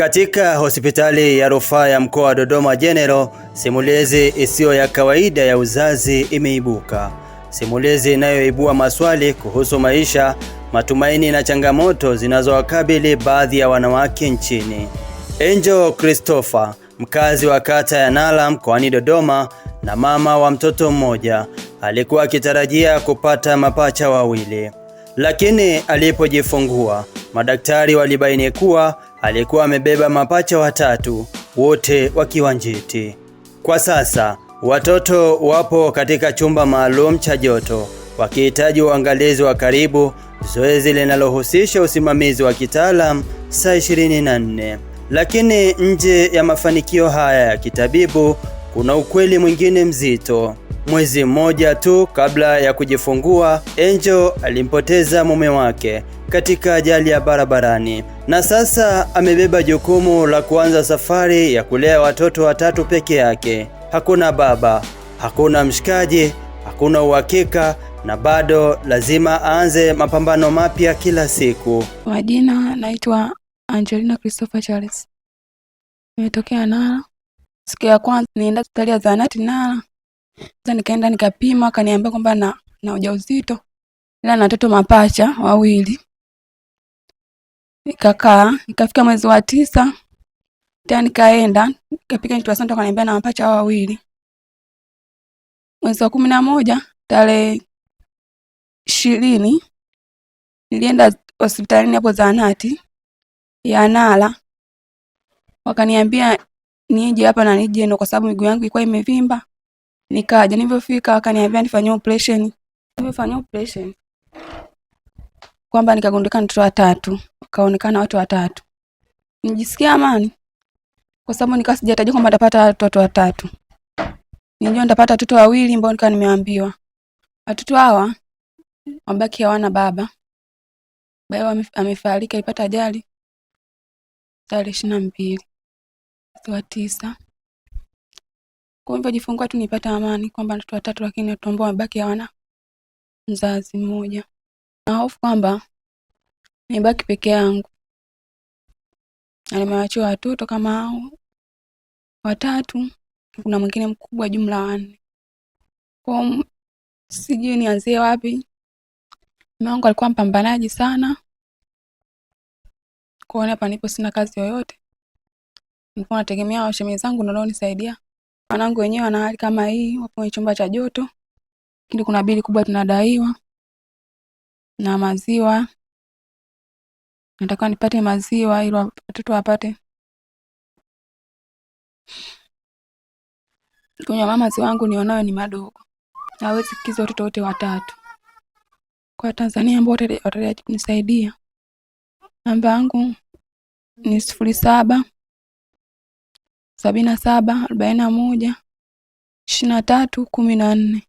Katika hospitali ya rufaa ya mkoa wa Dodoma General, simulizi isiyo ya kawaida ya uzazi imeibuka, simulizi inayoibua maswali kuhusu maisha, matumaini na changamoto zinazowakabili baadhi ya wanawake nchini. Angel Christopher, mkazi wa kata ya Nala mkoani Dodoma na mama wa mtoto mmoja, alikuwa akitarajia kupata mapacha wawili, lakini alipojifungua madaktari walibaini kuwa alikuwa amebeba mapacha watatu, wote wakiwa njiti. Kwa sasa watoto wapo katika chumba maalum cha joto, wakihitaji uangalizi wa karibu, zoezi linalohusisha usimamizi wa kitaalamu saa 24. Lakini nje ya mafanikio haya ya kitabibu kuna ukweli mwingine mzito. Mwezi mmoja tu kabla ya kujifungua, Angel alimpoteza mume wake katika ajali ya barabarani na sasa amebeba jukumu la kuanza safari ya kulea watoto watatu peke yake. Hakuna baba, hakuna mshikaji, hakuna uhakika na bado lazima aanze mapambano mapya kila siku. majina naitwa Angelina Christopher Charles. Nimetokea Nara. Siku ya kwanza nienda hospitali ya zahanati Nala. Sasa nikaenda nikapima, akaniambia kwamba na, na ujauzito ila na watoto mapacha wawili. Nikakaa, nikafika mwezi wa tisa tena nikaenda nikapiga ultrasound, akaniambia na mapacha hao wawili. Mwezi wa kumi na moja tarehe ishirini nilienda hospitalini hapo zahanati ya Nala, wakaniambia nije hapa na nije kwa sababu miguu yangu ilikuwa imevimba Nikaja, nilivyofika wakaniambia nifanyie operation. Nilifanyia operation kwamba nikagundikana watoto watatu, kaonekana watu watatu. Nijisikia amani kwa sababu nikawa sijatarajia kwamba nitapata watoto watatu. nijua nitapata watoto wawili ambao nikawa nimeambiwa. Watoto hawa wabaki hawana baba. Baba amefariki, alipata ajali tarehe ishirini na mbili mwezi wa tisa kwa hivyo jifungua tu nipata amani kwamba watoto watatu lakini watoto ambao wamebaki hawana mzazi mmoja. Na hofu kwamba nibaki peke yangu. Na nimewachia watoto kama hao watatu, kuna mwingine mkubwa jumla wanne. Kwa sijui nianzie wapi. Mume wangu alikuwa mpambanaji sana. kuona hapa nipo sina kazi yoyote. Nilikuwa nategemea washemeji zangu ndio wanaonisaidia Wanangu wenyewe wana hali kama hii, wapo kwenye chumba cha joto, lakini kuna bili kubwa tunadaiwa na maziwa. Natakiwa nipate maziwa ili watoto wapate kunywa. Mama maziwa wangu nionayo ni madogo, hawezi kukiza watoto wote watatu. Kwa Tanzania ambao watarajia kunisaidia, namba yangu ni sifuri saba sabini na saba arobaini na moja ishirini na tatu kumi na nne.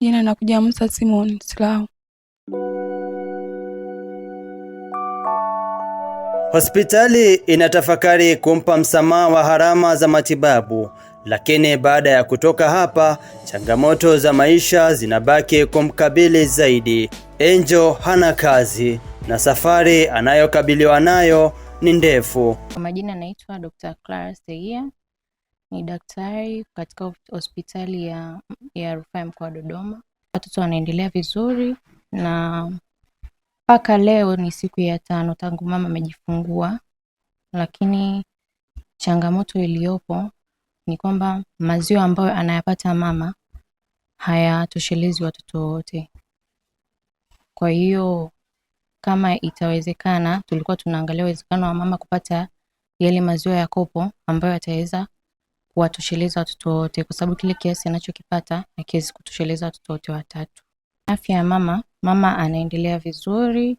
Jina nakuja Musa Simon Slau. Hospitali inatafakari kumpa msamaha wa gharama za matibabu, lakini baada ya kutoka hapa, changamoto za maisha zinabaki kumkabili zaidi. Angel hana kazi na safari anayokabiliwa nayo ni ndefu. Kwa majina anaitwa Dr. Clara seia ni daktari katika hospitali ya, ya rufaa ya mkoa wa Dodoma. Watoto wanaendelea vizuri na mpaka leo ni siku ya tano tangu mama amejifungua, lakini changamoto iliyopo ni kwamba maziwa ambayo anayapata mama hayatoshelezi watoto wote. Kwa hiyo kama itawezekana, tulikuwa tunaangalia uwezekano wa mama kupata yale maziwa ya kopo ambayo ataweza kuwatosheleza watoto wote, kwa sababu kile kiasi anachokipata hakiwezi kutosheleza watoto wote watatu. Afya ya mama, mama anaendelea vizuri,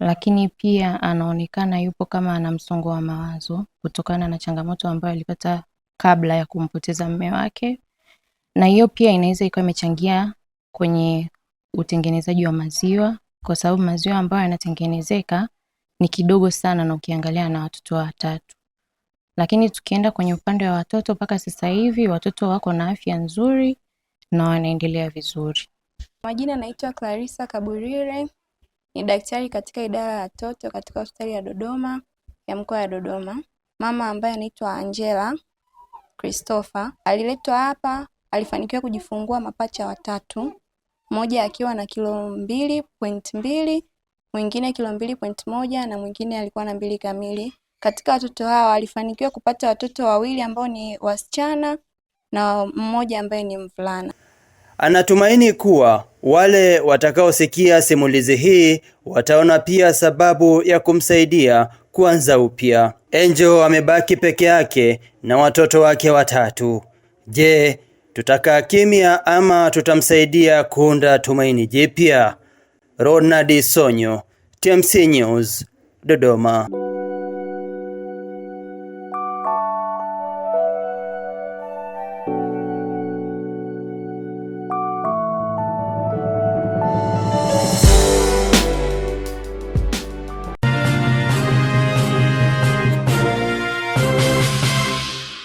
lakini pia anaonekana yupo kama ana msongo wa mawazo kutokana na changamoto ambayo alipata kabla ya kumpoteza mme wake, na hiyo pia inaweza ikawa imechangia kwenye utengenezaji wa maziwa kwa sababu maziwa ambayo yanatengenezeka ni kidogo sana na ukiangalia na watoto watatu. Lakini tukienda kwenye upande wa watoto, mpaka sasa hivi watoto wako na afya nzuri na wanaendelea vizuri. Majina naitwa Clarissa kaburire ni daktari katika idara ya watoto katika hospitali ya Dodoma ya mkoa ya Dodoma. Mama ambaye anaitwa Angela Christopher aliletwa hapa, alifanikiwa kujifungua mapacha watatu mmoja akiwa na kilo mbili point mbili mwingine kilo mbili point moja na mwingine alikuwa na mbili kamili. Katika watoto hawa alifanikiwa kupata watoto wawili ambao ni wasichana na mmoja ambaye ni mvulana. Anatumaini kuwa wale watakaosikia simulizi hii wataona pia sababu ya kumsaidia kuanza upya. Angel amebaki peke yake na watoto wake watatu. Je, Tutakaa kimya ama tutamsaidia kuunda tumaini jipya? Ronald Sonyo, TMC News, Dodoma.